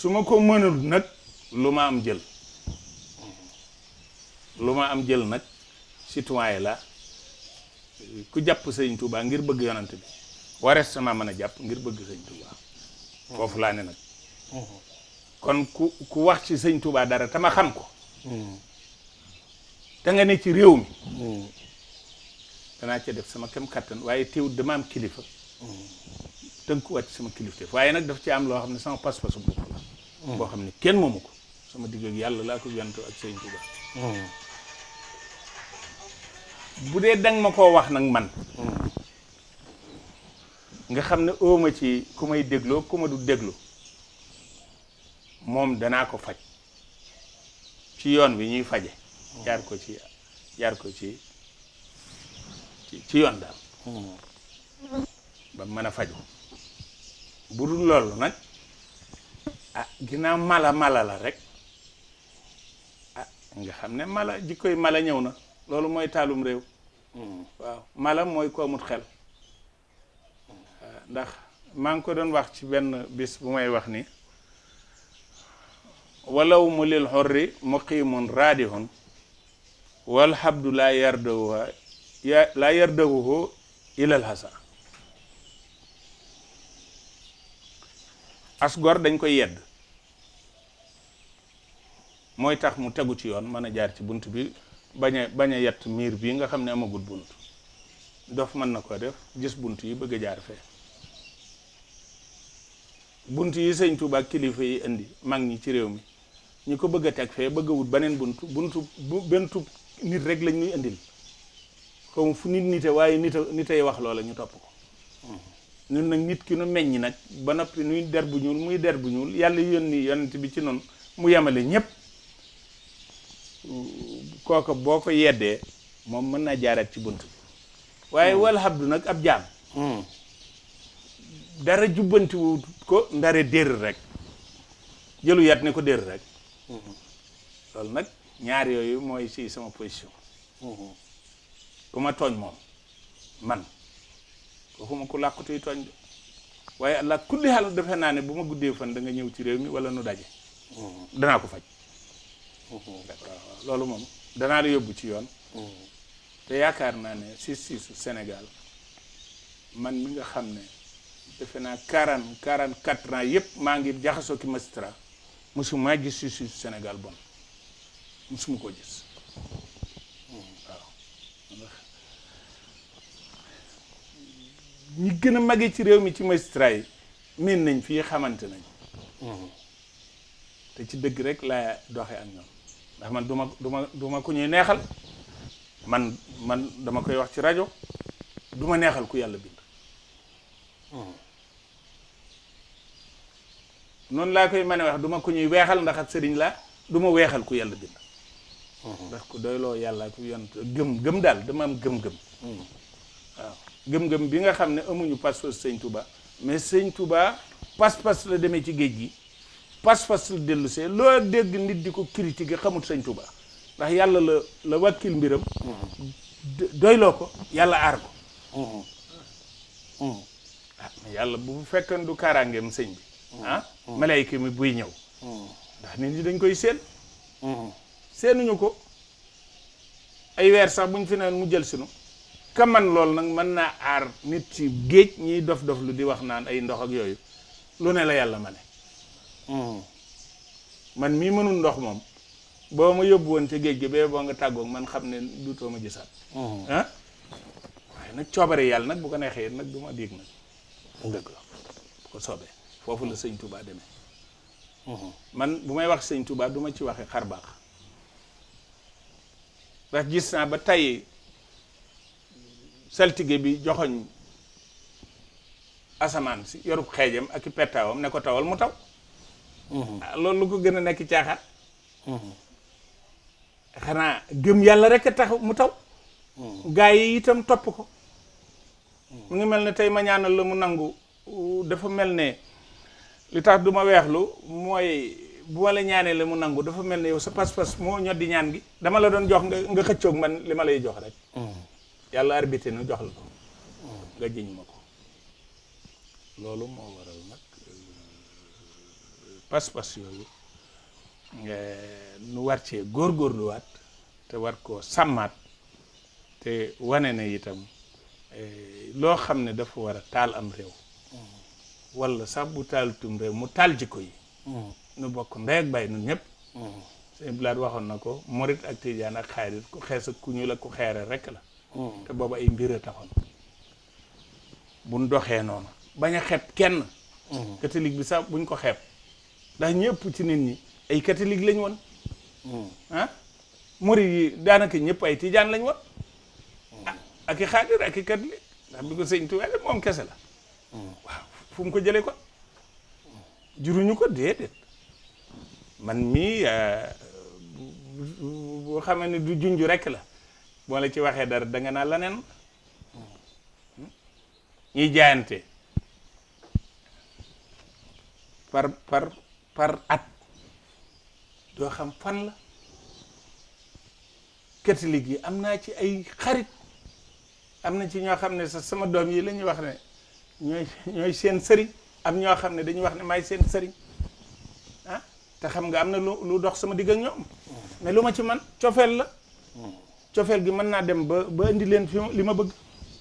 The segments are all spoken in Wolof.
su ma ko mënul nag lu ma am jël lu ma am jël nag citoyen la ku jàpp sëñ Touba ngir bëgg yonant bi warees sama mën a jàpp ngir bëgg sëñ Touba foofu laa ne nag kon ku ku wax ci sëñ Touba dara te ma xam ko te nga ne ci réew mi danaa ca def sama kem kàttan waaye teewut dama am kilifa wacc sama kilifté waye nak daf ci am lo xamné sama pas-pasu bopp la hmm. bo xamné ne kenn momuko sama digg ak yalla la ko yant ak seigne touba hmm. bu dang mako wax nak man hmm. nga xamné ne óoma ci kumay may kuma du mom dana ko faj ci yoon bi ñuy faje yar ko ci yar ko ci ci yoon daal ba mëna fajj bu dul loolu nag ah ginnaaw mala mala la rek ah nga xam ne mala jikkoy mala ñëw na loolu mooy taalum réew hmm. waaw mala mooy ko xel ah, ndax maa ngi ko doon wax ci benn bis bu may wax ni walaw mu lil xorri muqimun raadihun wal habdu laa yardawu laa yardawu ilal hasa as gor dañ koy yedd mooy tax mu tegu ci yoon mën a jaar ci bunt bi bañ a bañ a yett miir bii nga xam ne amagul bunt dof mën na ko def gis bunt yi bëgg a jaar fee bunt yi sëñ Tuubaa kilifa yi indi mag ñi ci réew mi ñu ko bëgg a teg fee bëgg a wut beneen bunt buntu bentu nit rek lañ ñuy indil comme fu nit nite waaye nite nitay wax loola ñu topp ko ñun nag nit ki nu meññi nag ba noppi nuy der bu ñuul muy der bu ñuul yàlla yónni yonent bi ci noonu mu yemale ñépp kooka boo ko yeddee moom mën naa jaaraat ci bunt bi waaye hmm. wal habdu nag ab jaam hmm. dara jubbantiwu ko ndare dér rek jëlu yat ne ko dér rek hmm. loolu nag ñaar yooyu mooy si sama position ku ma tooñ moom man waxuma ku làqutuy tooñ de waaye allah kulli xaal defe naa buma bu fan da nga mi wala nu daje mm-hmm. dana ko faj lalu mom dana la yóbbu ci yoon mm-hmm. te yaakaar naa sisi siis senegal man mi nga xam ne defe na 40 44 ans yep maa ngi jaxasoo ki mastra gis bon musu ko ñi gën a mag mage ci réew mi ci magistrat yi miin nañ fii xamante nañ mhm. te ci dëgg rek laa doxe ak ñoom ndax man duma duma duma ku ñuy neexal man man dama koy wax ci rajo duma neexal ku yàlla bind mhm. noonu laa koy mën a wax duma ko ñuy weexal ndax ak sëriñ laa duma weexal ku yàlla bind mhm. ndax ku doyloo yàlla ku yont gëm gëm daal dama am gëm-gëm waaw gëm-gëm bi nga xam ne amuñu pas-pas sëñ Touba mais sëñ Touba pas-pas la demee ci géej gi pas-pas la dellu see loo dégg nit di ko critiquer xamut sëñ Touba ndax yàlla la la wàkkil mbiram. Mm-hmm. doyloo ko yàlla aar ko. Mm-hmm. Mm-hmm. Ah, yàlla bu fekkoon du kaaraangeem sëñ bi. ah mi buy ñëw. ndax nit ñi dañ koy seen. seenuñu ko ay weer sax buñ fi naan mu jël sinu ka man loolu nag mën naa aar nit ci géej ñiy dof dof lu di wax naan ay ndox ak yooyu lu ne la yàlla ma ne hmm. man mii mënul ndox moom boo ma yóbbu woon ca géej gi bee boo nga tàggoog man xam ne duutoo ma gisaat hmm. ah waaye nag coobare yàlla nag bu ko neexee nag du ma diig nag dëgg la bu ko soobee foofu la sëñ Touba demee hmm. man bu may wax sëñ Touba du ma ci waxe xar baax ndax gis ba tey saltige bi joxoñ asaman si yorub xeejam ak i ne ko tawal mu taw mhm. ah, loolu lu ko nek ci nekk hmm xana gëm yalla rek tax mu taw mhm. gaay yi itam top ko mhm. mu ngi melni ne ma ñaanal lu mu nangu dafa melne li tax duma ma weexlu bu wala ñaané mu nangu dafa yow sa pas pass mo ñoddi ñaan gi dama la doon jox nga nga man limalay jox rek yàlla arbitre nu jox la ko oh. nga jiñ ma ko loolu moo waral nag euh, pas-pas yooyu nu war cee góorgóorluwaat te war koo sàmmaat te wane na itam euh, loo xam ne dafa war a taal am réew mm. wala sax bu taalutum réew mu taal ko yi mm. nu bokk ndey ak bàyyi nun ñëpp mm. sëñ waxoon na ko morit ak tijaan ak xaarit ku xees ku ñuul ak ku xeere rekk la te booba ay mbir a taxoon buñ doxee noonu bañ a xeeb kenn mm-hmm. catholique bi sax buñ ko xeeb ndax ñëpp ci nit ñi ay catholique lañ woon mm-hmm. ah murid daanaka ñëpp ay tiijaan lañ woon mm-hmm. ah ak i xaadir ak i catholique ndax bi ko sëñ Tuubaa moom kese la waaw ko jëlee ko juruñu ko déedéet man mii euh, boo xamee ne du junj rekk la Boleh la ci waxe dar da nga na lanen par par par at do xam fan la catholique yi amna ci ay xarit amna ci ño xamne sa sama dom yi lañu wax ne ñooy ñooy seen sëriñ am ño xamne dañu wax ne may seen ah te xam nga amna lu dox sama digg ak ñoom mais ci man ciofel la chauffeur gi man na dem ba ba indi len fi lima ma bëgg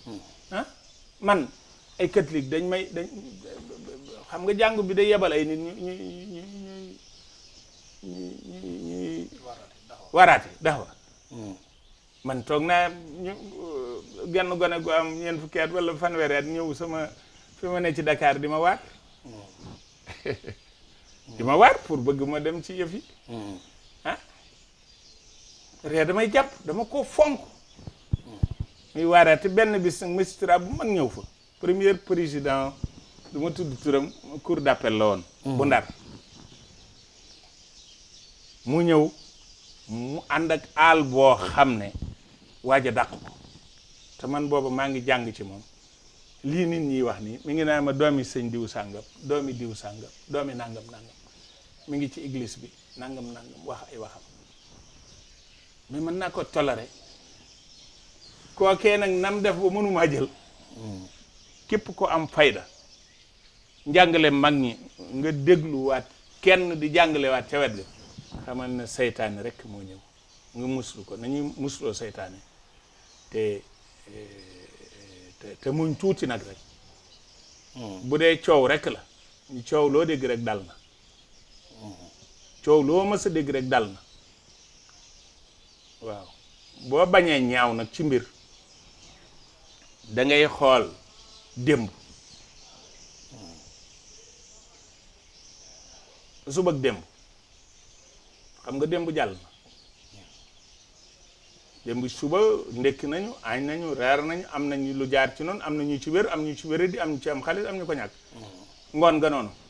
hmm. ah? man ay catholique dañ may dañ xam nga jang bi day yebal ay nit ñi ñu ñu ñu hmm. man tok na uh, genn gone gu am ñen fu at wala fan at ñew sama fi ma ne ci Dakar di war dima hmm. di pour bëgg ma dem ci yëf yi ree damay jàpp dama ko fonk muy waaraate benn bis nag magistrat bu mag ñëw fa premier président du ma tudd turam cour d'appel la woon bu mm. ndar mu ñëw mu ànd ak aal boo xam ne waaj a ko te man booba maa ngi jàng ci moom lii nit ñi wax nii mi ngi naan ma doomi sëñ diw sàngam doomi diw sàngam doomi nàngam nangam mu ngi ci église bi nangam nangam wax ay waxam mais mën naa ko toléré kookee nag nam def ba mënumaa jël képp ko am fayda njàngale man ñi nga dégluwaat kenn di jàngalewaat ca wet ga xamal ne seytaane rek moo ñëw nga muslu ko nañuy musuloo seytaane te te muñ tuuti nag rek bu dee coow rek la ñu coow loo dégg rek dal na coow loo mës a rek dal na waaw boo bañee ñaaw nag ci mbir dangay ngay xool démb hmm. suba ak démb xam nga démb jàll na démb suba ndekki nañu añ nañu reer nañu am nañu lu jaar ci noonu am nañu ci wér am ñu ci wéradi am ñu ci am xaalis am ñu ko ñàkk hmm. ngoon nga noonu